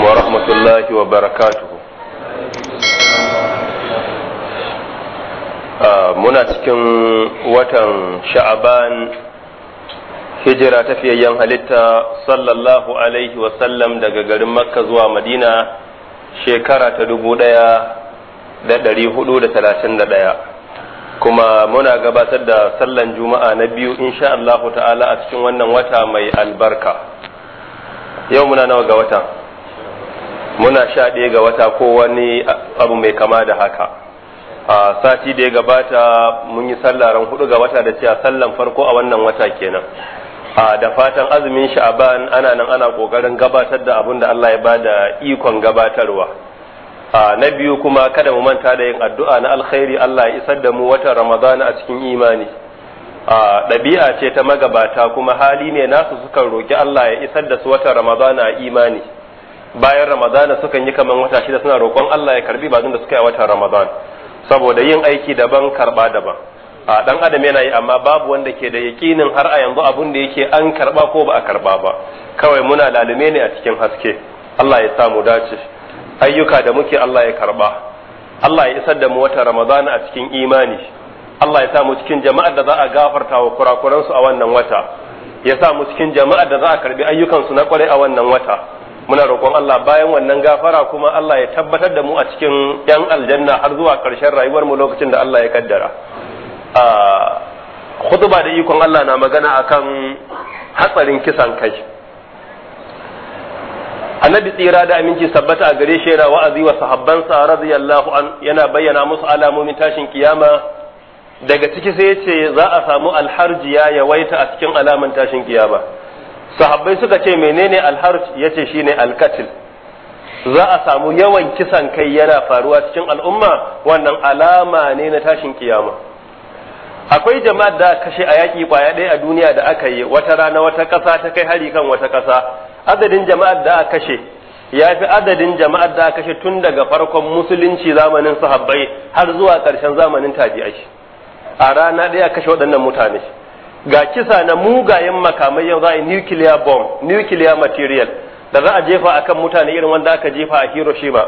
ورحمة الله a muna cikin watan sha'aban hijira tafiyayyen halitta sallallahu alaihi wasallam daga garin makka zuwa madina shekara ta dubu ɗaya da dari hudu da talatin da ɗaya kuma muna gabatar da sallan juma'a na biyu insha ta'ala a cikin wannan wata mai albarka yau muna nawa ga watan muna sha ɗaya ga wata ko wani abu mai kama da haka a sati da ya gabata mun yi sallah ran hudu ga wata da cewa sallan farko a wannan wata kenan a da fatan azumin sha'aban ana nan ana kokarin gabatar da abun da Allah ya da ikon gabatarwa a na biyu kuma kada mu manta da yin addu'a na alkhairi Allah ya isar da mu watan ramadana a cikin imani a ɗabi'a ce ta magabata kuma hali ne nasu sukan roki Allah ya isar da su watan ramadana a imani bayan ramadana sukan yi kaman wata shida suna roƙon Allah ya karbi bazin da suka yi a watan ramadan saboda yin aiki daban karba daban a dan adam yana yi amma babu wanda ke da yakinin har a yanzu abun da yake an karba ko ba a karba ba kawai muna lalume ne a cikin haske Allah ya samu dace ayyuka da muke Allah ya karba Allah ya isar da mu watan ramadana a cikin imani Allah ya samu cikin jama'ar da za a gafarta wa kurakuransu a wannan wata ya samu cikin jama'ar da za a karbi ayyukansu na kwarai a wannan wata muna roƙon Allah bayan wannan gafara kuma Allah ya tabbatar da mu a cikin yan aljanna har zuwa ƙarshen rayuwar mu lokacin da Allah ya kaddara a khutba da ikon Allah na magana akan hatsarin kisan kai annabi tsira da aminci sabbata a gare shi yana wa'azi wa sahabbansa radiyallahu an yana bayyana musu alamomin tashin kiyama daga ciki sai ya ce za a samu alharjiya ya waita a cikin alaman tashin kiyama sahabbai suka ce menene alharj ce shine alkatil za a samu yawan kisan kai yana faruwa cikin al'umma wannan alama ne na tashin kiyama akwai jama'ar da kashe a yaƙi kwaya ɗaya a duniya da aka yi wata rana wata ƙasa ta kai hari kan wata ƙasa adadin jama'ar da aka kashe ya fi adadin jama'ar da aka kashe tun daga farkon musulunci zamanin sahabbai har zuwa ƙarshen zamanin tabi'ai a rana ɗaya kashe waɗannan mutane ga kisa na mugayen makamai yau za a yi nuclear bomb nuclear material da za a jefa akan mutane irin wanda aka jefa a Hiroshima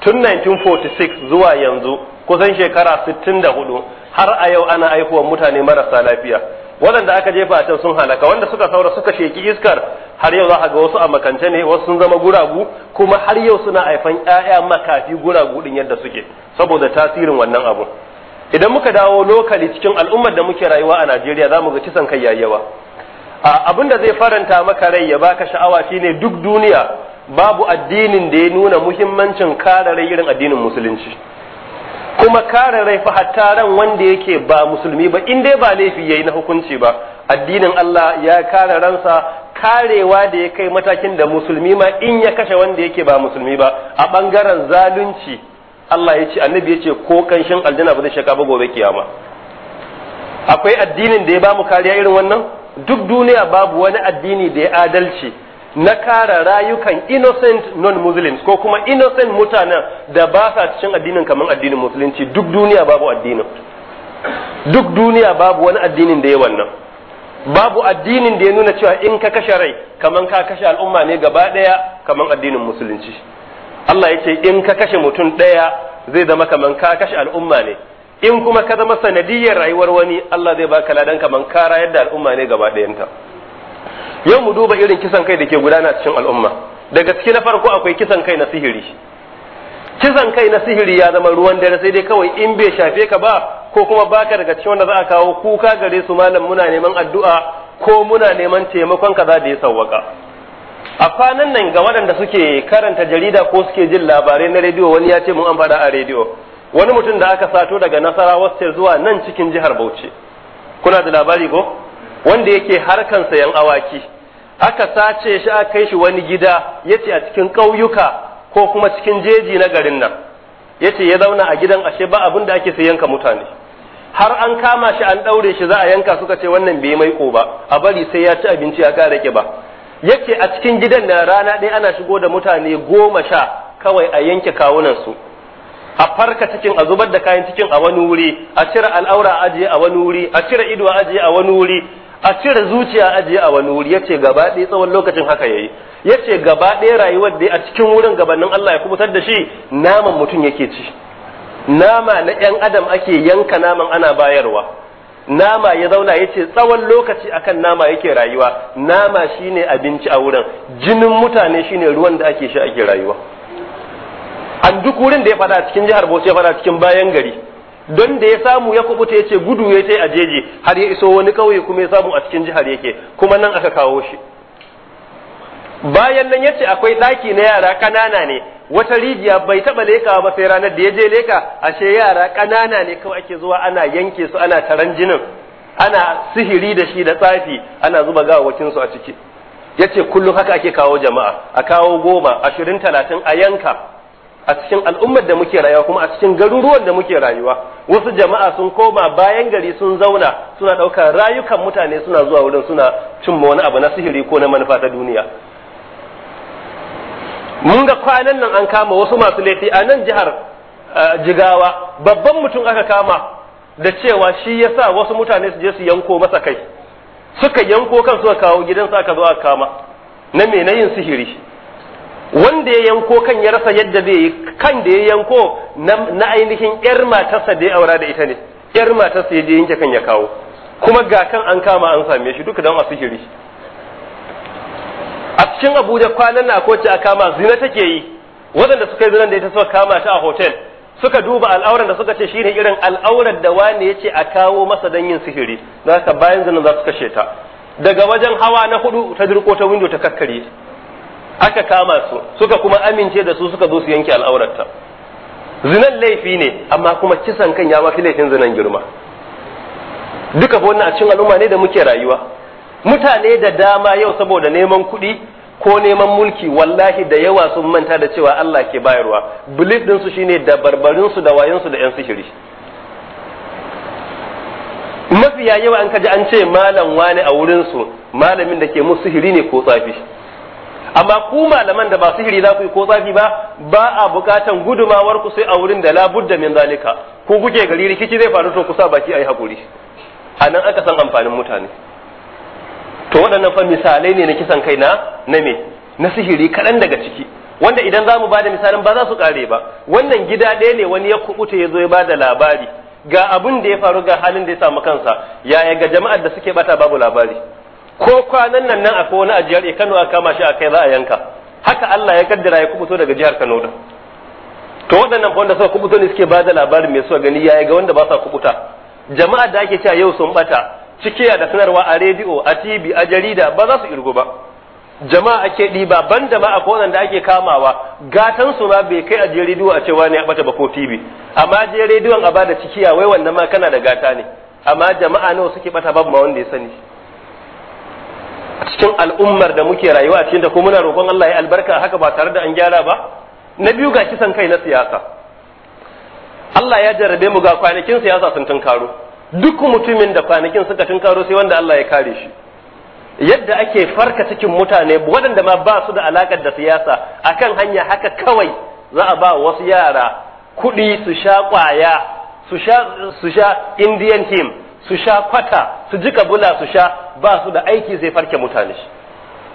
tun 1946 zuwa yanzu kusan shekara 64 har a yau ana aihuwar mutane marasa lafiya waɗanda aka jefa a can sun halaka wanda suka saura suka sheki iskar har yau za a ga wasu a makance ne wasu sun zama guragu kuma har yau suna haifan 'ya'ya makafi guragu din yadda suke saboda tasirin wannan abu idan muka dawo lokali cikin al'ummar da muke rayuwa a Najeriya za mu ga kisan kai yayi yawa abin da zai faranta maka rai ya baka sha'awa shine duk duniya babu addinin da ya nuna muhimmancin kare rai irin addinin musulunci kuma kare rai fa hatta ran wanda yake ba musulmi ba in dai ba laifi yayi na hukunci ba addinin Allah ya kare ransa karewa da ya kai matakin da musulmi ma in ya kashe wanda yake ba musulmi ba a bangaren zalunci Allah ya ce annabi ya ce ko kanshin aljanna ba zai shaka ba gobe kiyama akwai addinin da ya ba mu kariya irin wannan duk duniya babu wani addini da ya adalci na kara rayukan innocent non-muslims ko kuma innocent mutanen da ba sa cikin addinin kamar addinin musulunci duk duniya babu addinin duk duniya babu wani addinin da ya wannan babu addinin da ya nuna cewa in ka kashe rai kamar ka kashe al'umma ne gaba ɗaya kamar addinin musulunci Allah ya ce in ka kashe mutum ɗaya zai zama kamar ka kashe al'umma ne in kuma ka zama sanadiyar rayuwar wani Allah zai baka ladan kaman ka rayar da al'umma ne gaba ɗayanta yau mu duba irin kisan kai da ke gudana cikin al'umma daga gaske na farko akwai kisan kai na sihiri kisan kai na sihiri ya zama ruwan dare sai dai kawai in bai shafe ka ba ko kuma baka daga cikin wanda za a kawo kuka gare su malam muna neman addu'a ko muna neman taimakon kaza da ya sauwaka. a kwanan nan ga waɗanda suke karanta jarida ko suke jin labarai na rediyo wani ya ce mun an faɗa a rediyo wani mutum da aka sato daga nasarawa state zuwa nan cikin jihar bauchi kuna da labari ko wanda yake harkan sayan awaki aka sace shi aka kai shi wani gida yace a cikin ƙauyuka ko kuma cikin jeji na garin nan yace ya zauna a gidan ashe ba abin da ake sai yanka mutane har an kama shi an ɗaure shi za a yanka suka ce wannan bai maiko ba a bari sai ya ci abinci ya ƙara ba yace a cikin gidan na rana ɗaya ana shigo da mutane goma sha kawai a yanke kawunansu a farka cikin a zubar da kayan cikin a wani wuri a cire al'aura a ajiye a wani wuri a cire ido a ajiye a wani wuri a cire zuciya a ajiye a wani wuri yace gaba ɗaya tsawon lokacin haka yayi yace gaba ɗaya rayuwar da a cikin wurin gabanin Allah ya kubutar da shi naman mutum yake ci nama na 'yan adam ake yanka naman ana bayarwa nama ya zauna ya ce tsawon lokaci akan nama yake rayuwa nama shine abinci a wurin jinin mutane shine ruwan da ake sha ake rayuwa an duk wurin da ya fada cikin jihar Bauchi ya fada cikin bayan gari don da ya samu ya kubuta ya ce gudu ya ce a jeji har ya iso wani kauye kuma ya samu a cikin jihar yake kuma nan aka kawo shi bayan nan yace akwai ɗaki na yara ƙanana ne wata rijiya bai taɓa leka ba sai ranar da ya je leka ashe yara ƙanana ne kawai ake zuwa ana yanke su ana taran jinin ana sihiri da shi da tsafi ana zuba gawawakin su a ciki yace kullum haka ake kawo jama'a a kawo goma ashirin talatin a yanka a cikin al'ummar da muke rayuwa kuma a cikin garuruwan da muke rayuwa wasu jama'a sun koma bayan gari sun zauna suna ɗaukar rayukan mutane suna zuwa wurin suna cimma wani abu na sihiri ko na manufa ta duniya mun ga kwanan nan an kama wasu masu laifi a nan jihar uh, jigawa babban mutum aka kama da cewa shi ya sa wasu mutane su je su yanko masa kai suka yanko kan suka kawo gidan sa aka zo aka kama na me na yin sihiri wanda ya yanko kan ya rasa yadda zai yi kan da ya yanko na ainihin yar matarsa da ya aura da ita ne yar matarsa ya je yanke kan ya kawo kuma ga kan an kama an same shi duka don a sihiri a cikin abuja kwanan na ce a kama zina take yi waɗanda suka yi zinan da ita suka kama ta a hotel suka duba al'auran da suka ce shine irin al'aurar da wani ya ce a kawo masa dan yin sihiri za haka bayan zina za su kashe ta daga wajen hawa na hudu ta dirko ta windo ta kakkare aka kama su suka kuma amince da su suka zo su yanke al'aurarta zinan laifi ne amma kuma kisan kan ya mafi laifin zinan girma duka wannan a cikin al'umma ne da muke rayuwa mutane da dama yau saboda neman kuɗi ko neman mulki wallahi da yawa sun manta da cewa Allah ke bayarwa belief ɗinsu shi shine da barbarinsu da wayansu da yan sihiri mafiya yawa an kaji an ce malam wani a wurinsu malamin da ke musu sihiri ne ko tsafi amma ku malaman da ba sihiri za ku yi ko tsafi ba ba a bukatan gudumawar ku sai a wurin da da min zalika ku kuke gari rikici zai faru to ku sa baki ayi hakuri anan aka san amfanin mutane to waɗannan fa misalai ne na kisan kai na na me na sihiri kaɗan daga ciki wanda idan za mu ba da misalin ba za su ƙare ba wannan gida ɗaya ne wani ya kubuta ya zo ya ba da labari ga abin da ya faru ga halin da ya samu kansa yaya ga jama'ar da suke bata babu labari ko kwanan nan nan akwai wani ajiyar e Kano a kama shi a kai za a yanka haka Allah ya kaddara ya kuɓuto daga jihar Kano da to waɗannan wanda suka kuɓuto ne suke bada labarin mai suka gani yaya ga wanda ba sa kubuta jama'a da ake cewa yau sun bata cikiya da sanarwa a rediyo a tv a jarida ba za su irgu ba jama'a ake ɗiba ban jama'a ko da ake kamawa gatan su ma bai kai a je rediyo a cewa ne a bata ba ko tv amma je rediyon a bada cikiya wai wannan ma kana da gata ne amma jama'a nawa suke bata babu ma wanda ya sani a cikin al'ummar da muke rayuwa a cikin da ko muna roƙon Allah ya albarka haka ba tare da an gyara ba na biyu ga kisan kai na siyasa Allah ya jarrabe mu ga kwanakin siyasa sun tunkaro duk mutumin da kwanakin suka tunkaro sai wanda Allah ya kare shi yadda ake farka cikin mutane waɗanda ma ba su da alakar da siyasa akan hanya haka kawai za a ba wasu yara kuɗi su sha ƙwaya su sha su sha indian him su sha kwata su ji bula su sha ba su da aiki zai farke mutane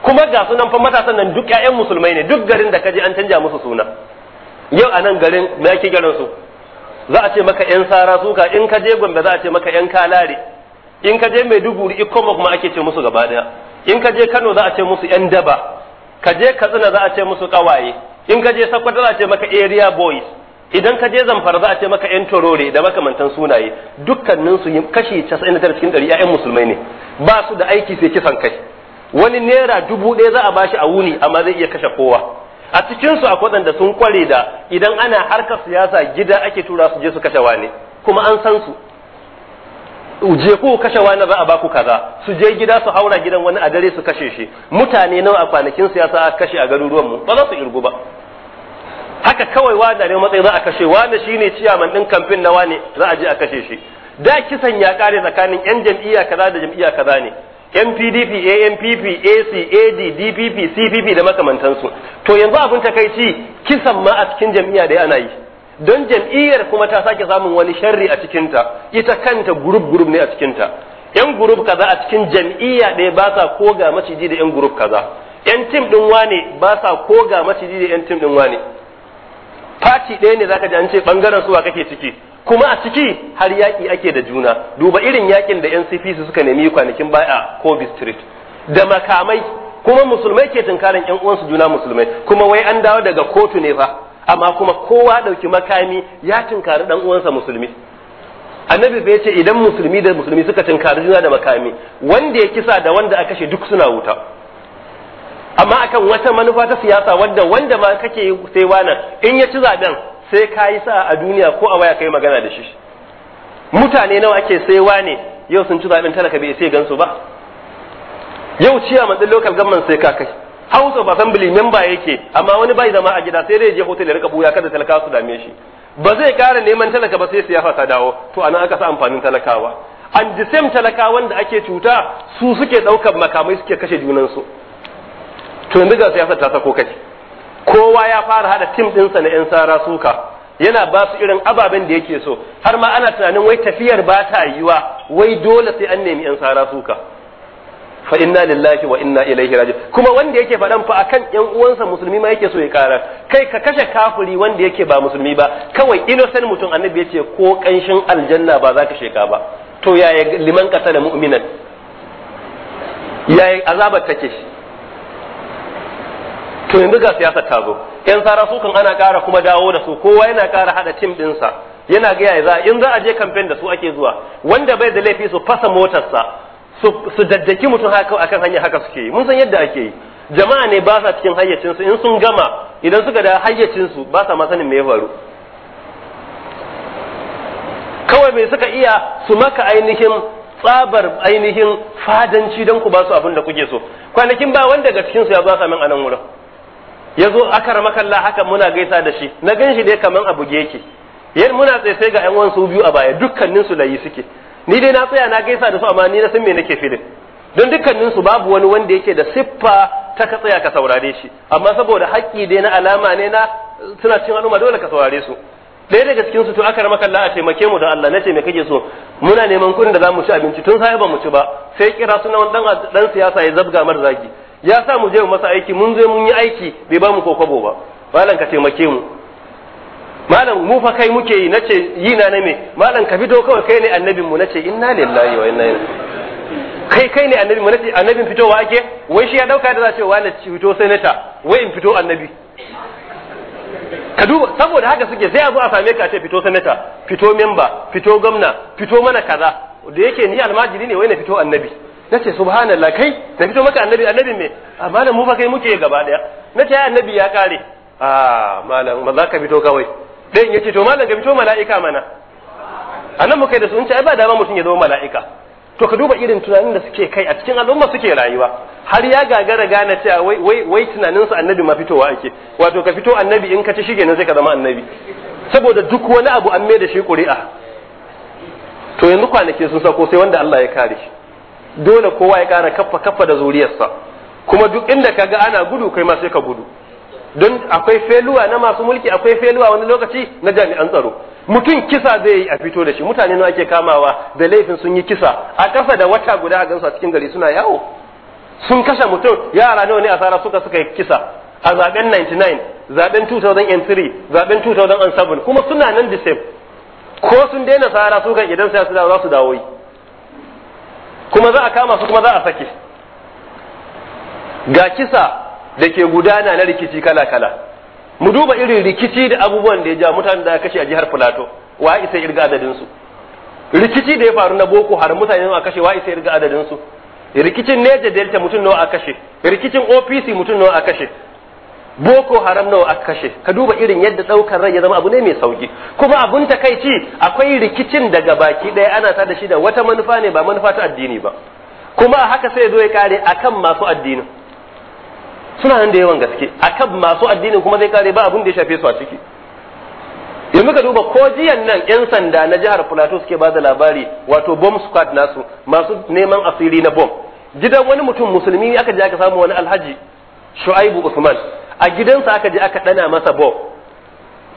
kuma ga sunan fa matasan nan duk ƴaƴan musulmai ne duk garin da kaje an canja musu suna yau a nan garin me ake garin su za a ce maka yan sara suka in ka je gombe za a ce maka yan kalare in ka je maiduguri ikoma kuma ake ce musu gaba daya in ka je kano za a ce musu yan daba ka je katsina za a ce musu kawaye in ka je sakwata za a ce maka area boys idan ka je zamfara za a ce maka yan torore da makamantan sunaye dukkaninsu kashi 99 cikin 100 'ya'yan musulmai ne ba su da aiki sai kisan kai wani naira dubu ɗaya za a bashi a wuni amma zai iya kashe kowa a cikin su akwai waɗanda sun kware da idan ana harka siyasa gida ake tura su je su kashe wani kuma an san su je ku kashe wani za a baku kaza su je gida su haura gidan wani a dare su kashe shi mutane nawa a kwanakin siyasa a kashe a garuruwan mu ba za su irgu ba haka kawai wanda ne matsayi za a kashe wani shine ciyaman din kamfin na wani za a je a kashe shi da kisan ya kare tsakanin yan jam'iyya kaza da jam'iyya kaza ne NPDP, ANPP, AC, AD, DPP, CPP da makamantansu. To yanzu abin takaici kisan ma a cikin jam'iyya da ana yi. Don jam'iyyar kuma ta sake samun wani sharri a cikinta, ita kanta gurub gurub ne a cikinta. ‘Yan gurub kaza a cikin jam'iyya ɗaya ba sa ko ga maciji da ‘yan gurub kaza. ‘Yan tim ɗin wane ba sa ko maciji da ‘yan tim ɗin wane. Fati ɗaya ne zaka ji an ce su suwa kake ciki. kuma a ciki har yaƙi ake da juna duba irin yaƙin da NCPC suka nemi kwanakin baya ko Street da makamai kuma musulmai ke tunkarin ƴan uwansu juna musulmai kuma wai an dawo daga kotu ne fa amma kuma kowa ɗauki makami ya tunkari ɗan uwansa musulmi annabi bai ce idan musulmi da musulmi suka tunkari juna da makami wanda ya kisa da wanda a kashe duk suna wuta amma akan wata manufa ta siyasa wanda wanda ma kake sai wannan in ya ci zaben sai ka yi sa'a a duniya ko a waya ka yi magana da shi mutane nawa ake saiwa ne yau sun ci zaɓen talaka bai sai gansu ba yau ciya matsin local government sai ka kai house of assembly member yake amma wani bai zama a gida sai dai je hotel ya rika buya kada talaka su dame shi ba zai kara neman talaka ba sai siyasa ta dawo to anan aka sa amfanin talakawa and the same talakawan da ake cuta su suke ɗaukar makamai suke kashe junansu to yanzu ga siyasa ta sako kai kowa ya fara hada tim ɗinsa na 'yan sara suka yana ba su irin ababen da yake so har ma ana tunanin wai tafiyar ba ta yiwa wai dole sai an nemi 'yan sara suka fa inna lillahi wa inna ilaihi raji kuma wanda yake faɗan fa akan ƴan uwansa musulmi ma yake so ya kara kai ka kashe kafiri wanda yake ba musulmi ba kawai innocent mutum annabi yace ko kanshin aljanna ba za ka sheka ba to yaya liman qatala mu'minan yaya azabar take shi to yanzu ga siyasa ta zo yan sara su kan ana ƙara kuma dawo da su kowa yana ƙara hada tim sa yana ga yaya za in za a je kamfen da su ake zuwa wanda bai da laifi su fasa motarsa su daddaki mutum haka akan hanya haka suke yi mun san yadda ake yi jama'a ne ba sa cikin hayyacinsu in sun gama idan suka da hayyacinsu ba sa ma sanin me faru kawai me suka iya su maka ainihin tsabar ainihin fadanci don ku ba su abin da kuke so kwanakin ba wanda daga cikinsu ya ba a samin a nan wurin ya zo aka haka muna gaisa da shi na gan shi dai kaman a buge yake yan muna tsaye sai ga yan wansu biyu a baya dukkanin su layi suke ni dai na tsaya na gaisa da su amma ni na san me nake filin don dukkanin su babu wani wanda yake da siffa ta ka tsaya ka saurare shi amma saboda haƙƙi dai na alama ne na suna cin al'umma dole ka saurare su ɗaya daga cikin su to aka rama kalla a taimake mu da Allah nace me kake so muna neman kuɗin da zamu ci abinci tun sai ba mu ci ba sai kira sunan dan dan siyasa ya zabga mar zagi ya sa mu je mu masa aiki mun zo mun yi aiki bai ba mu ko kwabo ba malam ka taimake mu malam mu fa kai muke yi nace yi na ne me malam ka fito kawai kai ne annabin mu nace inna lillahi wa inna ilaihi kai kai ne annabi mu nace annabin fitowa ake wai shi ya dauka da za ce wani fito nata wai in fito annabi ka duba saboda haka suke sai a zo a same ka ce fito sanata fito memba fito gwamna fito mana kaza da yake ni almajiri ne wai na fito annabi ce subhanallah kai da fito maka annabi annabi me ah, malam mu fa kai muke gaba daya na ce annabi ya kare a ah, malam ba za ka fito kawai dan yace to malam ka fito mala'ika mana anan muka da su in ce ai ba dama mutun ya zama mala'ika to ka duba irin tunanin da suke kai a cikin al'umma suke rayuwa har ya gagara gane ce wai wai wai tunanin su annabi ma fitowa ake wato ka fito annabi in ka ci shige ne sai ka zama annabi saboda duk wani abu an mai da shi ƙuri'a to yanzu kwanaki sun sako sai wanda Allah ya kare shi dole kowa ya kara kafa kaffa da zuriyarsa kuma duk inda ka ga ana gudu kai ma sai ka gudu don akwai feluwa na masu mulki akwai feluwa wani lokaci na jami'an tsaro mutum kisa zai yi a fito da shi mutane nawa ake kamawa da laifin sun yi kisa a ƙasa da wata guda a gansu a cikin gari suna yawo sun kashe mutum yara nawa ne asara suka suka yi kisa a zaben 99 zaben 2003 zaben 2007 kuma suna nan da same ko sun daina Sara su idan sai su dawo za su dawo yi kuma za a kama su kuma za a sake ga kisa da ke gudana na rikici kala kala mu duba irin rikici da abubuwan da ya ja mutanen da kashe a jihar Filato wa isa irga adadin su rikici da ya faru na Boko har mutane a kashe wa isa irga adadin su rikicin Neja Delta mutum nawa a kashe rikicin OPC mutum nawa a kashe boko haram nawa aka kashe ka duba irin yadda daukar rai ya zama abu ne mai sauki kuma abun takaici akwai rikicin daga baki ɗaya ana ta shi da wata manufa ne ba manufa ta addini ba kuma haka sai zo ya kare akan masu addinin suna nan da yawan gaske akan masu addini kuma zai kare ba abun da ya shafe su a ciki yanzu ka duba ko jiyan nan yan sanda na jihar plateau suke ba da labari wato bomb squad nasu masu neman asiri na bomb gidan wani mutum musulmi aka je aka samu wani alhaji shu'aibu usman a gidansa aka je aka dana masa bom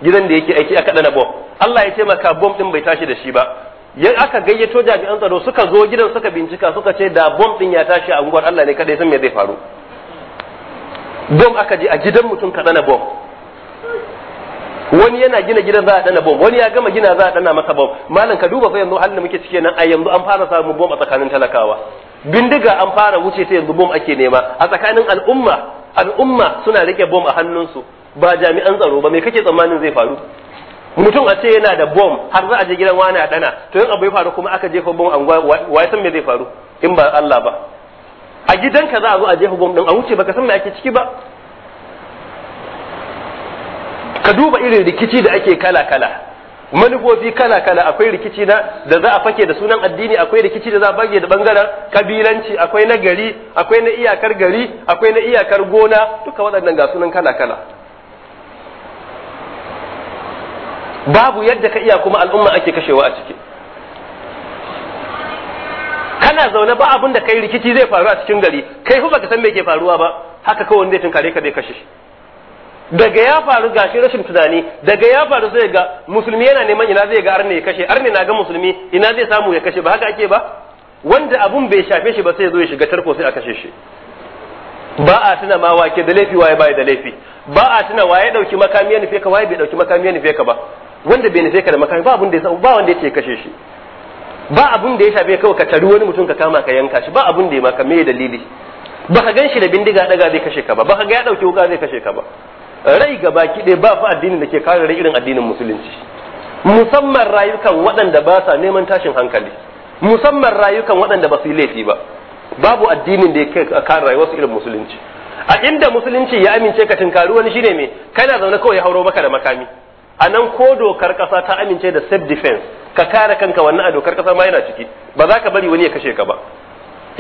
gidan da yake aiki aka dana bom Allah ya ce maka bom din bai tashi da shi ba yan aka gayyato jami'an tsaro suka zo gidan suka bincika suka ce da bom din ya tashi a unguwar Allah ne kadai san me zai faru bom aka je a gidan mutum ka dana bom wani yana gina gidan za a dana bom wani ya gama gina za a dana masa bom malam ka duba fa yanzu halin da muke cike nan a yanzu an fara samun bom a tsakanin talakawa bindiga an fara wuce ta yanzu bom ake nema a tsakanin al'umma al'umma suna rike bom a hannunsu ba jami'an tsaro ba me kake tsammanin zai faru mutum a ce yana da bom har za a je gidan wani a dana to yin abu ya faru kuma aka jefa bom an wa san me zai faru in ba Allah ba a gidanka za a zo a jefa bom din a wuce baka san me ake ciki ba ka duba irin rikici da ake kala kala manufofi kala kala akwai rikici na da za a fake da sunan addini akwai rikici da za a bage da bangaren kabilanci akwai na gari akwai na iyakar gari akwai na iyakar gona duka waɗannan ga sunan kala kala babu yadda ka iya kuma al'umma ake kashewa a ciki kana zaune ba abin da kai rikici zai faru a cikin gari kai fa baka san me ke faruwa ba haka kawai wanda ya tunkare ka bai kashe shi daga ya faru gashi rashin tunani daga ya faru zai ga musulmi yana neman ina zai ga arne ya kashe arne na ga musulmi ina zai samu ya kashe ba haka ake ba wanda abun bai shafe shi ba sai ya zo ya shiga tarko sai a kashe shi ba a tuna ma wake da laifi waye bai da laifi ba a tuna waye dauki makami ya nufe ka waye bai dauki makami ya nufe ka ba wanda bai nufe ka da makami ba abun da ya ba wanda yake kashe shi ba abun da ya shafe kawai ka tari wani mutum ka kama ka yanka shi ba abun da ya maka me dalili ba gan shi da bindiga daga zai kashe ka ba ka ga ya dauki wuka zai kashe ka ba rai baki kiɗe ba fa addinin da ke kare rai irin addinin musulunci musamman rayukan waɗanda ba sa neman tashin hankali musamman rayukan waɗanda ba su yi laifi ba babu addinin da ya kare rayuwar su irin musulunci a inda musulunci ya amince ka tunkari wani shine me kana zaune kawai ya hauro maka da makami a nan ko dokar ƙasa ta amince da self defense ka kare kanka wannan a dokar kasa ma yana ciki ba za ka bari wani ya kashe ka ba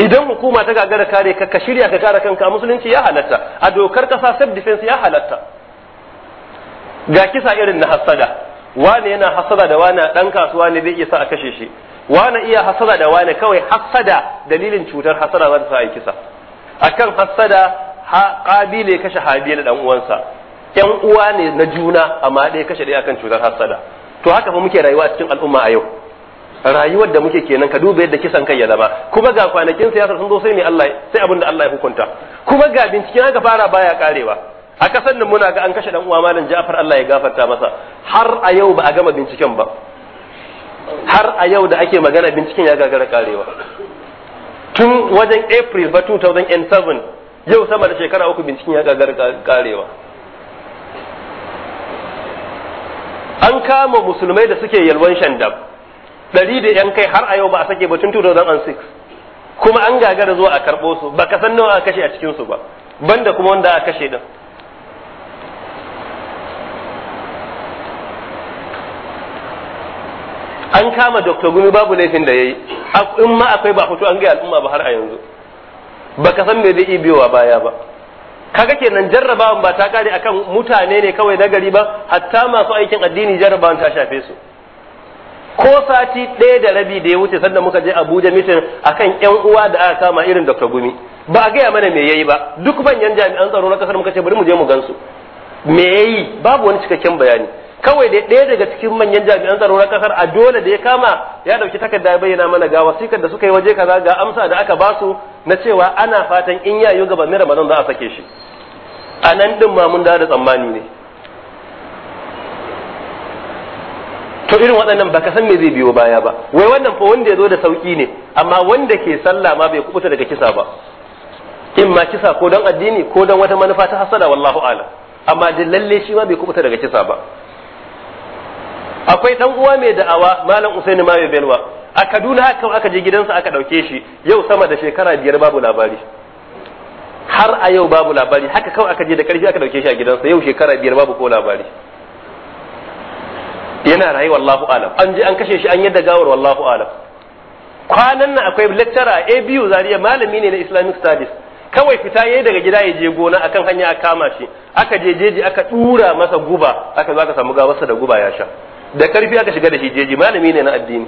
idan hukuma ta gagara kare ka ka shirya ka kare kanka musulunci ya halatta a dokar kasa self defense ya halatta ga kisa irin na hasada wani yana hasada da wani dan kasuwa ne zai iya sa a kashe shi wani iya hasada da wani kawai hasada dalilin cutar hasada za ta sa a kisa akan hasada ha qabile kashe habila dan uwansa yan uwa ne na juna amma ɗaya kashe ɗaya akan cutar hasada to haka fa muke rayuwa cikin al'umma a yau rayuwar da muke kenan ka duba yadda kisan kai ya zama kuma ga kwanakin siyasar sun zo sai ne Allah sai abin da Allah ya hukunta kuma ga binciken aka fara baya karewa a kasan nan muna ga an kashe dan uwa malam Ja'far Allah ya gafarta masa har a yau ba a gama binciken ba har a yau da ake magana binciken ya gagara karewa tun wajen April ba 2007 yau sama da shekara uku binciken ya gagara karewa an kama musulmai da suke yalwan shandab ɗari da yan kai har a yau ba a sake ba tun 2006 kuma an gagara zuwa a karɓo su ba ka san nawa a kashe a cikin su ba banda kuma wanda a kashe din an kama Dr. Gumi babu laifin da yayi in ma akwai ba fito an ga al'umma ba har a yanzu ba ka san me zai biyowa baya ba kaga kenan jarrabawan ba ta kare akan mutane ne kawai na gari ba hatta masu aikin addini jarrabawan ta shafe su ko sati ɗaya da rabi da ya wuce sannan muka je Abuja mitin akan yan uwa da aka kama irin Dr. Gumi ba a gaya mana me yayi ba duk manyan jami'an tsaro na kasar muka ce bari mu je mu gansu me yayi babu wani cikakken bayani kawai da ɗaya daga cikin manyan jami'an tsaro na kasar a dole da ya kama ya dauki takarda bayyana mana ga wasikar da suka yi waje kaza ga amsa da aka basu na cewa ana fatan in yayo gabanin Ramadan za a sake shi a nan din ma mun da tsammani ne to irin waɗannan ka san me zai biyo baya ba wai wannan fa wanda ya zo da sauki ne amma wanda ke sallah ma bai kubuta daga kisa ba in ma kisa ko don addini ko don wata manufa ta hasada wallahu ala amma da lalle shi ma bai kubuta daga kisa ba akwai dan uwa mai da'awa malam usaini mayo belwa a kaduna haka aka je gidansa aka dauke shi yau sama da shekara biyar babu labari har a yau babu labari haka kawai aka je da karfi aka dauke shi a gidansa yau shekara biyar babu ko labari yana rayu wallahu alam an je an kashe shi an yadda gawar wallahu alam kwanan nan akwai lecturer a biyu zariya malami ne na islamic studies kawai fita yayi daga gida ya je gona akan hanya a kama shi aka je jeji aka dura masa guba aka zo aka samu gawarsa da guba ya sha da karfi aka shiga da shi jeji malami ne na addini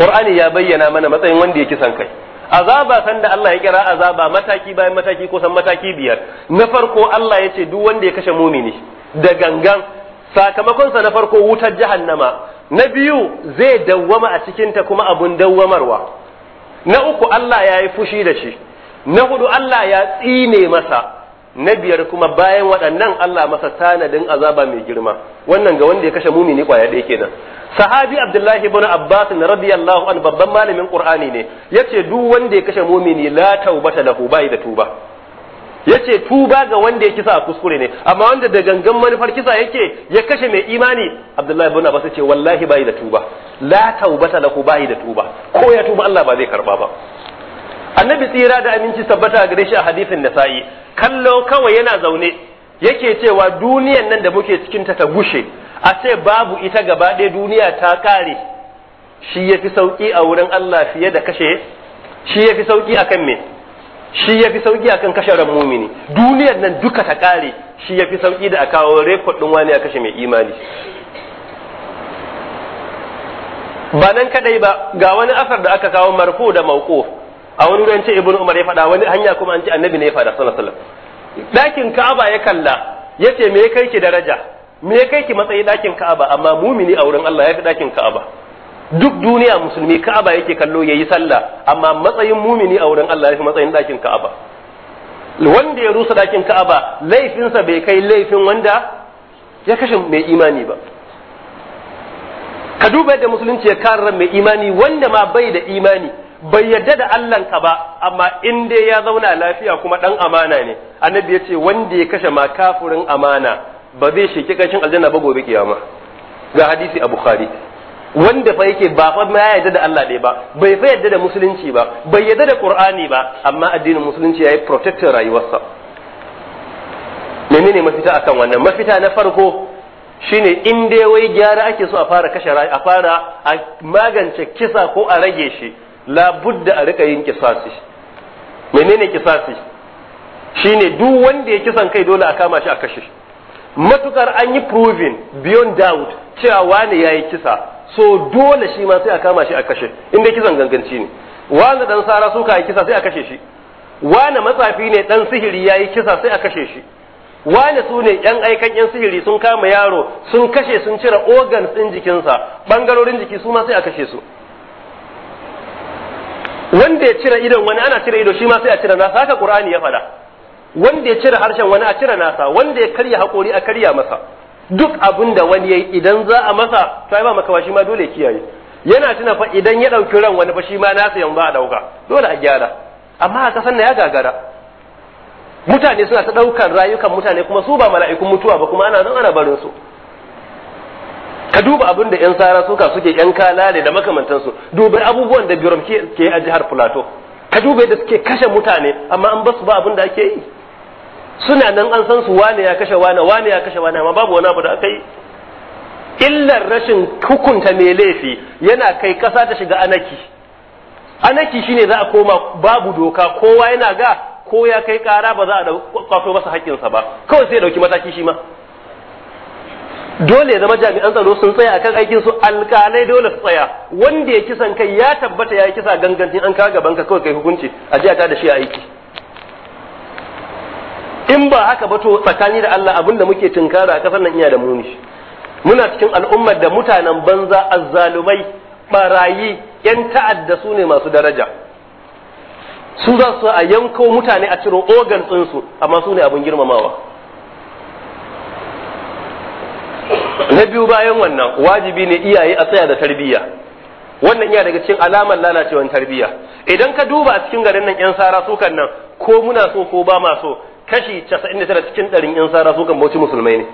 Qur'ani ya bayyana mana matsayin wanda ya kisan kai azaba sanda Allah ya kira azaba mataki bayan mataki ko san mataki biyar na farko Allah ya ce duk wanda ya kashe mumini da gangan sakamakonsa na farko wutar jahannama na biyu zai dawwama a cikinta kuma abun dawwamarwa na uku Allah ya yi fushi da shi na hudu Allah ya tsine masa na biyar kuma bayan waɗannan Allah masa tanadin azaba mai girma wannan ga wanda ya kashe mumini kwaya ɗaya kenan sahabi abdullahi ibn abbas radiyallahu an babban malamin qur'ani ne yace duk wanda ya kashe mumini la taubata lahu bai da tuba yace tuba ga wanda ya kisa kuskure ne amma wanda da gangan manufar kisa yake ya kashe mai imani abdullahi ibn abbas yace wallahi bai da tuba la taubata lahu bai da tuba ko ya tuba Allah ba zai karba ba annabi tsira da aminci tabbata gare shi a hadisin nasa'i kallo kawai yana zaune yake cewa duniyan nan da muke cikin ta ta gushe a ce babu ita gaba ɗaya duniya ta kare shi ya fi sauƙi a wurin Allah fiye da kashe shi ya fi sauƙi a kan me shi ya fi sauƙi a kan kashe ran mumini duniyar nan duka ta kare shi ya fi sauƙi da a kawo rekod ɗin wani a kashe mai imani ba nan kadai ba ga wani asar da aka kawo marfu da mauko a wani wurin ce ibnu umar ya faɗa wani hanya kuma an ce annabi ne ya faɗa sallallahu alaihi wasallam dakin ka'aba ya kalla yace me kai ki daraja me ya kai ki matsayi dakin Ka'aba amma mumini a wurin Allah ya fi dakin Ka'aba duk duniya musulmi Ka'aba yake kallo yayi sallah amma matsayin mumini a wurin Allah ya fi matsayin dakin Ka'aba wanda ya rusa dakin Ka'aba laifinsa bai kai laifin wanda ya kashe mai imani ba ka duba yadda musulunci ya kare mai imani wanda ma bai da imani bai yadda da Allahn ka ba amma in dai ya zauna lafiya kuma dan amana ne annabi ya ce wanda ya kashe ma kafurin amana ba zai sheki kashin aljanna ba gobe kiyama ga hadisi a bukhari wanda fa yake ba fa ya yarda da Allah dai ba bai fa yadda da musulunci ba bai yarda da qur'ani ba amma addinin musulunci yayi protect rayuwarsa menene mafita akan wannan mafita na farko shine in dai wai gyara ake so a fara kashe a fara a magance kisa ko a rage shi la budda a rika yin kisasi menene kisasi shine duk wanda ya kisan kai dole a kama shi a kashe shi matukar an yi proving beyond doubt cewa wani ya yi kisa so dole shi ma sai a kama shi a kashe inda kisan ganganci ne wani dan sara ka yi kisa sai a kashe shi wani matsafi ne dan sihiri ya yi kisa sai a kashe shi wani su ne yan aikan yan sihiri sun kama yaro sun kashe sun cire organs ɗin jikinsa bangarorin jiki su ma sai a kashe su wanda ya cire idon wani ana cire ido shi ma sai a cire nasa haka qur'ani ya faɗa wanda ya cire harshen wani a cire nasa wanda ya karya haƙori a karya masa duk abin da wani yayi idan za a masa to ai ba makawa shi ma dole kiyaye yana tuna fa idan ya ɗauki ran wani fa shi ma nasa yan ba a ɗauka dole a gyara amma a kasan na ya gagara mutane suna ta ɗaukar rayukan mutane kuma su ba mala'ikun mutuwa ba kuma ana nan ana barin su ka duba abin da yan sara suka suke yan kalale da makamantansu duba abubuwan da birom ke a jihar plateau ka duba yadda suke kashe mutane amma an basu ba abin da ake yi suna nan an san su wane ya kashe wane wane ya kashe wane amma babu wani abu da aka yi illar rashin hukunta mai laifi yana kai kasa ta shiga anaki anaki shine za a koma babu doka kowa yana ga ko ya kai kara ba za a kwato masa haƙƙinsa ba kawai sai ya dauki mataki shi ma dole zama jami'an tsaro sun tsaya akan aikin su alkalai dole su tsaya wanda ya kisan kai ya tabbata ya kisa gangancin an kawo gaban kawai kai hukunci a jiya da shi a aiki in ba haka ba to tsakani da Allah abin da muke tunkara a kasar nan iya da muni muna cikin al'ummar da mutanen banza azzalumai barayi yan ta'adda su ne masu daraja su za su a yanko mutane a ciro organ ɗinsu amma su ne abin girmamawa na biyu bayan wannan wajibi ne iyaye a tsaya da tarbiyya wannan iya daga cikin alamar lalacewar tarbiyya idan ka duba a cikin garin nan yan sara sukan nan ko muna so ko ba ma so kashi 99 cikin ɗarin yan sara su kan musulmai ne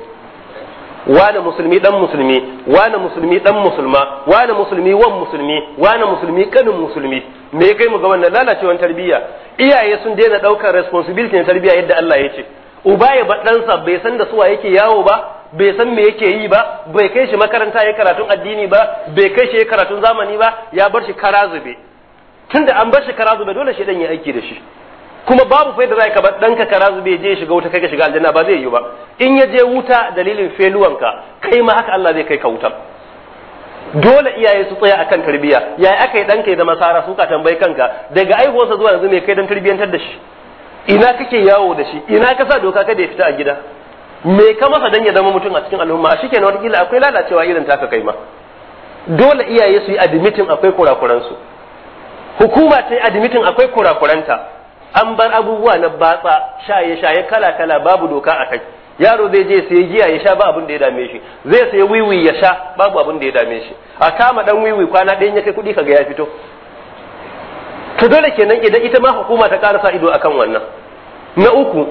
wane musulmi dan musulmi wane musulmi dan musulma wane musulmi wan musulmi wane musulmi kanin musulmi me kai mu ga wannan lalacewar tarbiyya iyaye sun daina ɗaukar responsibility na tarbiyya yadda Allah ya ce uba ya ɗansa bai san da suwa yake yawo ba bai san me yake yi ba bai kai shi makaranta ya karatun addini ba bai kai shi ya karatun zamani ba ya bar shi kara zube tunda an bar shi kara zube dole shi dan ya aiki da shi kuma babu fa yadda za ka bar ɗanka kara bai je shiga wuta kai ka shiga aljanna ba zai yi ba in ya je wuta dalilin feluwanka kai ma haka Allah zai kai ka wuta dole iyaye su tsaya akan tarbiyya yayi aka yi ɗanka ya zama sara suka tambayi kanka daga aihuwarsa zuwa yanzu mai kai dan tarbiyyantar da shi ina kake yawo da shi ina ka sa doka kada ya fita a gida me ka masa dan ya zama mutum a cikin al'umma shi wani wata akwai lalacewa irin taka kai ma dole iyaye su yi admitting akwai kurakuransu hukuma ta yi admitting akwai kurakuranta an bar abubuwa na batsa shaye shaye kala kala babu doka a kai yaro zai je sai giya ya sha ba abin da ya dame shi zai sai wiwi ya sha babu abin da ya dame shi a kama dan wiwi kwana ɗayan ya kai kuɗi kaga ya fito Ta dole kenan idan ita ma hukuma ta ƙara sa ido akan wannan na uku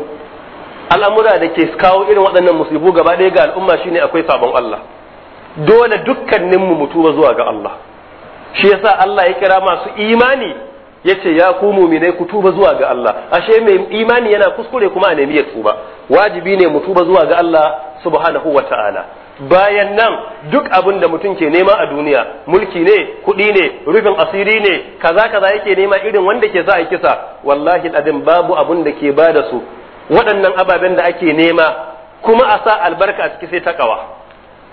al'amura da ke kawo irin waɗannan musibu gaba ɗaya ga al'umma shine akwai sabon Allah dole dukkaninmu mu tuba zuwa ga Allah shi yasa Allah ya kira masu imani yace ya ku mu'minai ku tuba zuwa ga Allah ashe mai imani yana kuskure kuma a nemi ya tuba wajibi ne mu tuba zuwa ga Allah subhanahu ta'ala bayan nan duk abin da mutum ke nema a duniya mulki ne kuɗi ne rufin asiri ne kaza kaza yake nema irin wanda ke sa a kisa wallahi adin babu abin da ke bada su waɗannan ababen da ake nema kuma a sa albarka a ciki sai ta kawa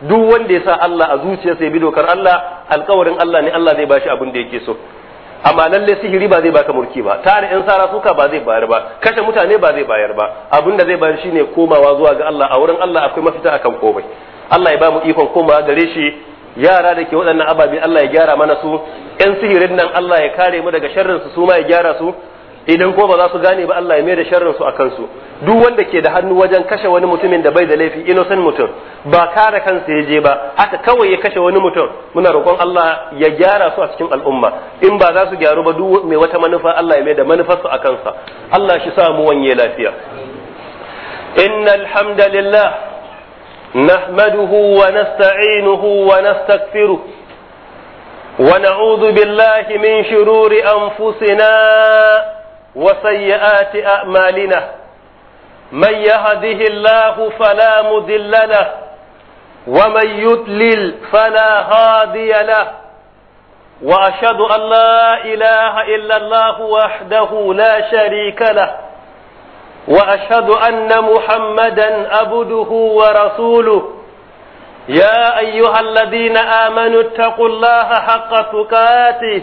duk wanda ya sa Allah a zuciyarsa ya bi dokar Allah alƙawarin Allah ne Allah zai bashi abin da yake so amma lalle sihiri ba zai baka mulki ba tare in sara suka ba zai bayar ba kashe mutane ba zai bayar ba abin da zai bayar shine komawa zuwa ga Allah a wurin Allah akwai mafita akan komai Allah ya ba mu ikon komawa gare shi yara da ke waɗannan ababe Allah ya gyara mana su ƴan sihirin nan Allah ya kare mu daga sharrin su su ma ya gyara su idan ko ba za su gane ba Allah ya mai da sharrin su a kansu duk wanda ke da hannu wajen kashe wani mutumin da bai da laifi innocent mutum ba kare kansa ya je ba haka kawai ya kashe wani mutum muna roƙon Allah ya gyara su a cikin al'umma in ba za su gyaru ba duk mai wata manufa Allah ya mai da manufar su kansa kansa Allah shi sa mu wanye lafiya innal hamdalillah nahmaduhu wa nasta'inuhu wa nastaghfiruh ونعوذ بالله من شرور anfusina. وسيئات أعمالنا من يهده الله فلا مذل له ومن يضلل فلا هادي له وأشهد أن لا إله إلا الله وحده لا شريك له وأشهد أن محمدا عبده ورسوله يا أيها الذين آمنوا اتقوا الله حق تقاته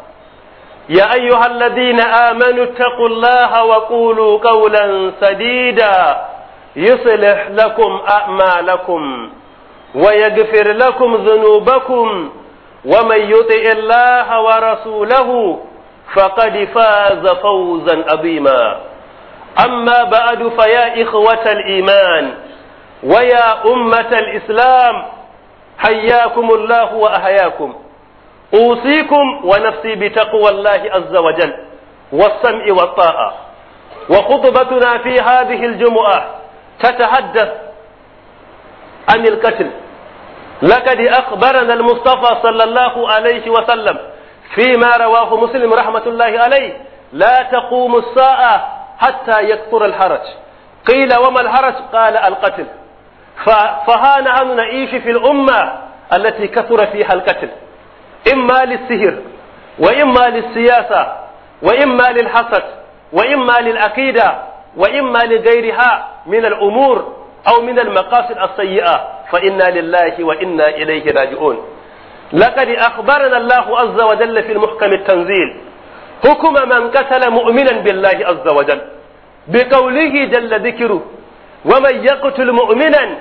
يا أيها الذين آمنوا اتقوا الله وقولوا قولا سديدا يصلح لكم أعمالكم ويغفر لكم ذنوبكم ومن يطع الله ورسوله فقد فاز فوزا عظيما أما بعد فيا إخوة الإيمان ويا أمة الإسلام حياكم الله وأحياكم أوصيكم ونفسي بتقوى الله عز وجل والسمع والطاعة وخطبتنا في هذه الجمعة تتحدث عن القتل لقد أخبرنا المصطفى صلى الله عليه وسلم فيما رواه مسلم رحمة الله عليه لا تقوم الساعة حتى يكثر الحرج قيل وما الحرج قال القتل فهان أن نعيش في الأمة التي كثر فيها القتل إما للسهر وإما للسياسة وإما للحسد وإما للعقيدة وإما لغيرها من الأمور أو من المقاصد السيئة فإنا لله وإنا إليه راجعون لقد أخبرنا الله عز وجل في المحكم التنزيل حكم من قتل مؤمنا بالله عز وجل بقوله جل ذكره ومن يقتل مؤمنا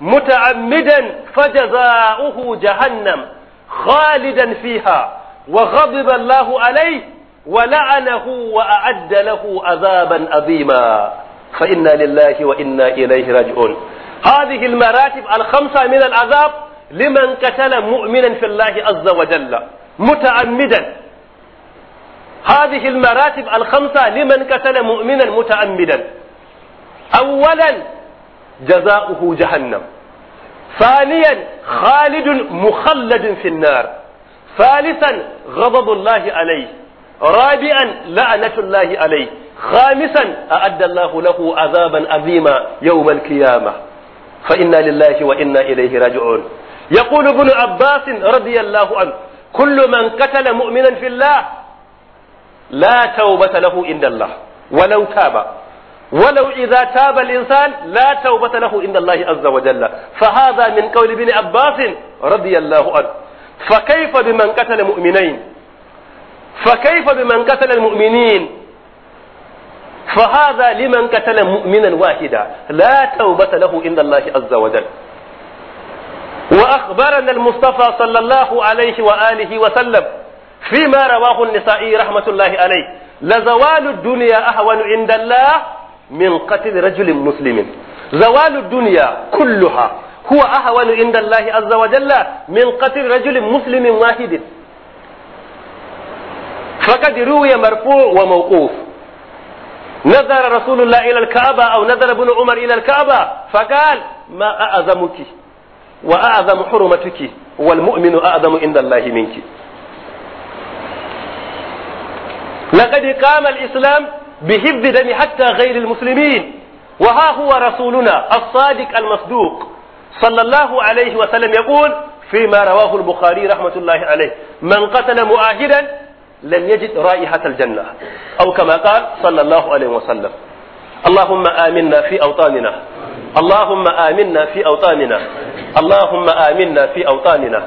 متعمدا فجزاؤه جهنم خالدا فيها وغضب الله عليه ولعنه وأعد له عذابا عظيما فإنا لله وإنا إليه راجعون هذه المراتب الخمسة من العذاب لمن قتل مؤمنا في الله عز وجل متعمدا هذه المراتب الخمسة لمن قتل مؤمنا متعمدا أولا جزاؤه جهنم ثانيا خالد مخلد في النار ثالثا غضب الله عليه رابعا لعنة الله عليه خامسا أعد الله له عذابا عظيما يوم القيامة فإنا لله وإنا إليه راجعون يقول ابن عباس رضي الله عنه كل من قتل مؤمنا في الله لا توبة له عند الله ولو تاب ولو إذا تاب الإنسان لا توبة له عند الله عز وجل فهذا من قول ابن عباس رضي الله عنه فكيف بمن قتل مؤمنين فكيف بمن قتل المؤمنين فهذا لمن قتل مؤمنا واحدا لا توبة له عند الله عز وجل وأخبرنا المصطفى صلى الله عليه وآله وسلم فيما رواه النسائي رحمة الله عليه لزوال الدنيا أهون عند الله من قتل رجل مسلم زوال الدنيا كلها هو أهون عند الله عز وجل من قتل رجل مسلم واحد فقد روي مرفوع وموقوف نظر رسول الله إلى الكعبة أو نظر ابن عمر إلى الكعبة فقال ما أعظمك وأعظم حرمتك والمؤمن أعظم عند الله منك لقد قام الإسلام بهب دم حتى غير المسلمين وها هو رسولنا الصادق المصدوق صلى الله عليه وسلم يقول فيما رواه البخاري رحمة الله عليه من قتل مؤاهدا لم يجد رائحة الجنة أو كما قال صلى الله عليه وسلم اللهم آمنا في أوطاننا اللهم آمنا في أوطاننا اللهم آمنا في أوطاننا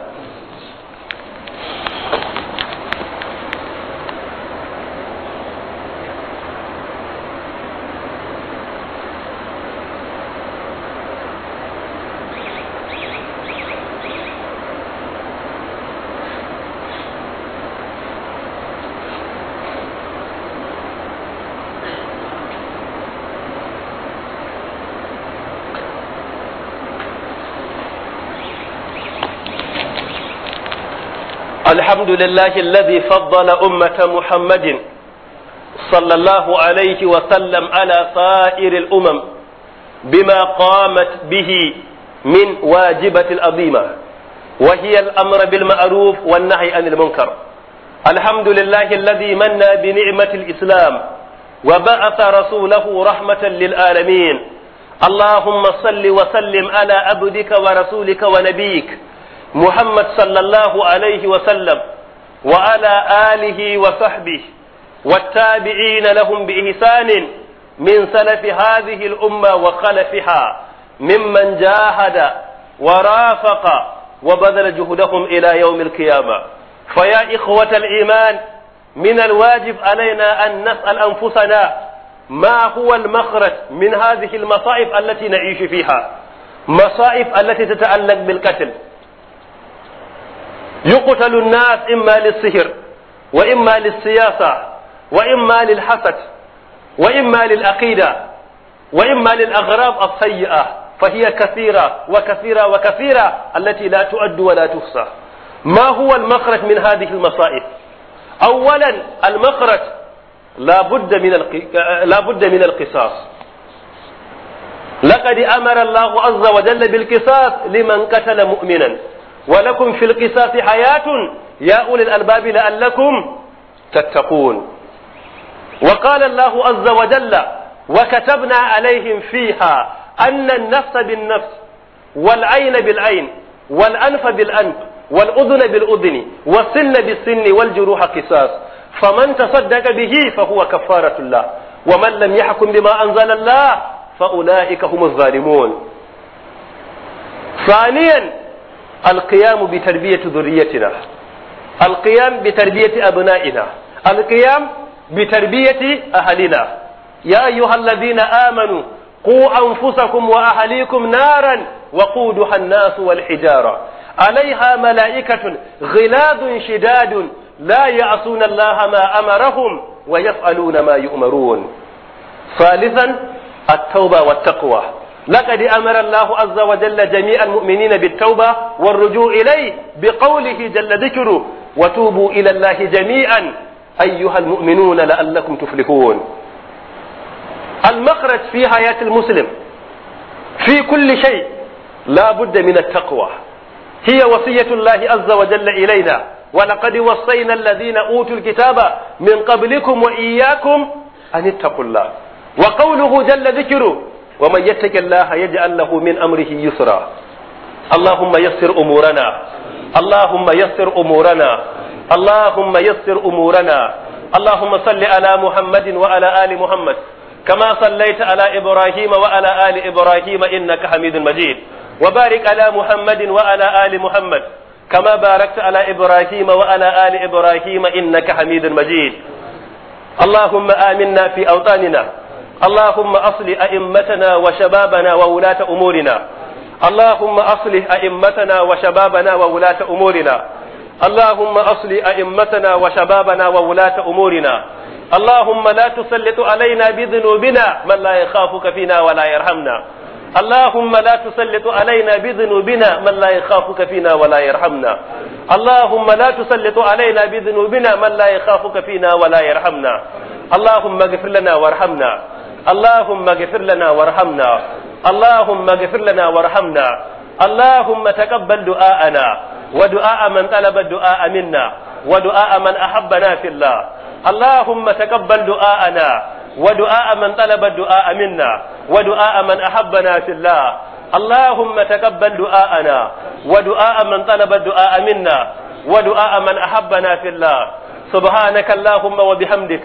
الحمد لله الذي فضل أمة محمد صلى الله عليه وسلم على سائر الأمم بما قامت به من واجبة الأظيمة وهي الأمر بالمعروف والنهي عن المنكر الحمد لله الذي من بنعمة الإسلام وبعث رسوله رحمة للعالمين اللهم صل وسلم على عبدك ورسولك ونبيك محمد صلى الله عليه وسلم وعلى آله وصحبه والتابعين لهم بإحسان من سلف هذه الأمة وخلفها ممن جاهد ورافق وبذل جهدهم إلى يوم القيامة فيا إخوة الإيمان من الواجب علينا أن نسأل أنفسنا ما هو المخرج من هذه المصائب التي نعيش فيها مصائب التي تتعلق بالقتل يقتل الناس إما للسحر وإما للسياسة وإما للحسد وإما للعقيدة وإما للأغراب السيئة فهي كثيرة وكثيرة وكثيرة التي لا تؤد ولا تحصى ما هو المخرج من هذه المصائب أولا المخرج لا بد من لا بد من القصاص لقد أمر الله عز وجل بالقصاص لمن قتل مؤمنا ولكم في القصاص حياة يا أولي الألباب لعلكم تتقون وقال الله عز وجل وكتبنا عليهم فيها أن النفس بالنفس والعين بالعين والأنف بالأنف والأذن بالأذن والسن بالسن والجروح قصاص فمن تصدق به فهو كفارة الله ومن لم يحكم بما أنزل الله فأولئك هم الظالمون ثانيا القيام بتربية ذريتنا القيام بتربية أبنائنا القيام بتربية أهلنا يا أيها الذين آمنوا قوا أنفسكم وأهليكم نارا وقودها الناس والحجارة عليها ملائكة غلاد شداد لا يعصون الله ما أمرهم ويفعلون ما يؤمرون ثالثا التوبة والتقوى لقد أمر الله عز وجل جميع المؤمنين بالتوبة والرجوع إليه بقوله جل ذكره وتوبوا إلى الله جميعا أيها المؤمنون لعلكم تفلحون المخرج في حياة المسلم في كل شيء لا بد من التقوى هي وصية الله عز وجل إلينا ولقد وصينا الذين أوتوا الكتاب من قبلكم وإياكم أن اتقوا الله وقوله جل ذكره ومن يتق الله يجعل له من أمره يسرا اللهم يسر أمورنا اللهم يسر أمورنا اللهم يسر أمورنا اللهم صل على محمد وعلى آل محمد كما صليت على إبراهيم وعلى آل إبراهيم إنك حميد مجيد وبارك على محمد وعلى آل محمد كما باركت على إبراهيم وعلى آل إبراهيم إنك حميد مجيد اللهم آمنا في أوطاننا اللهم أصلح أئمتنا وشبابنا وولاة أمورنا اللهم أصلح أئمتنا وشبابنا وولاة أمورنا اللهم أصلح أئمتنا وشبابنا وولاة أمورنا اللهم لا تسلط علينا بذنوبنا من لا يخافك فينا ولا يرحمنا اللهم لا تسلط علينا بذنوبنا من لا يخافك فينا ولا يرحمنا اللهم لا تسلط علينا بذنوبنا من لا يخافك فينا ولا يرحمنا اللهم اغفر لنا وارحمنا اللهم اغفر لنا وارحمنا اللهم اغفر لنا وارحمنا اللهم تقبل دعاءنا ودعاء من طلب الدعاء منا ودعاء من أحبنا في الله اللهم تقبل دعاءنا ودعاء من طلب الدعاء منا ودعاء من أحبنا في الله اللهم تقبل دعاءنا ودعاء من طلب الدعاء منا ودعاء من أحبنا في الله سبحانك اللهم وبحمدك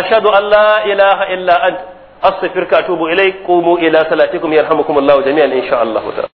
أشهد أن لا إله إلا أنت astaghfiruka atubu ilaik qumu ila salatikum yarhamukumullahu jami'an insha Allah ta'ala